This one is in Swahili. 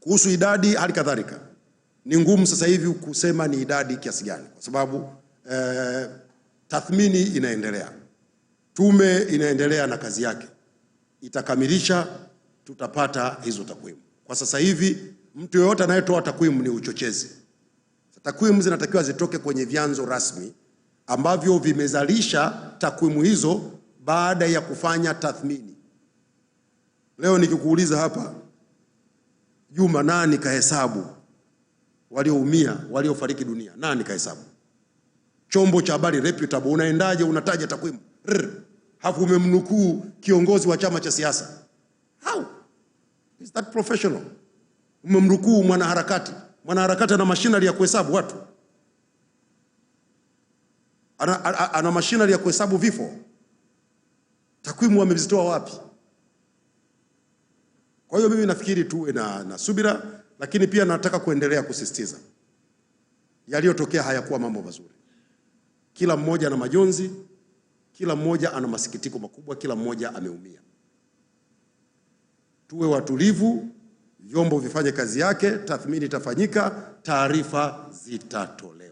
Kuhusu idadi, hali kadhalika ni ngumu sasa hivi kusema ni idadi kiasi gani, kwa sababu eh, tathmini inaendelea, tume inaendelea na kazi yake, itakamilisha, tutapata hizo takwimu. Kwa sasa hivi mtu yeyote anayetoa takwimu ni uchochezi. Takwimu zinatakiwa zitoke kwenye vyanzo rasmi ambavyo vimezalisha takwimu hizo baada ya kufanya tathmini. Leo nikikuuliza hapa Juma, nani kahesabu walioumia waliofariki dunia? Nani kahesabu? Chombo cha habari reputable, unaendaje unataja takwimu hafu umemnukuu kiongozi wa chama cha siasa? How is that professional? Umemnukuu mwanaharakati, mwanaharakati ana mashinari ya kuhesabu watu, ana, ana, ana mashinari ya kuhesabu vifo. Takwimu wamezitoa wapi? Kwa hiyo mimi nafikiri tuwe eh, na, na subira, lakini pia nataka kuendelea kusisitiza yaliyotokea hayakuwa mambo mazuri. Kila mmoja ana majonzi, kila mmoja ana masikitiko makubwa, kila mmoja ameumia. Tuwe watulivu, vyombo vifanye kazi yake, tathmini itafanyika, taarifa zitatolewa.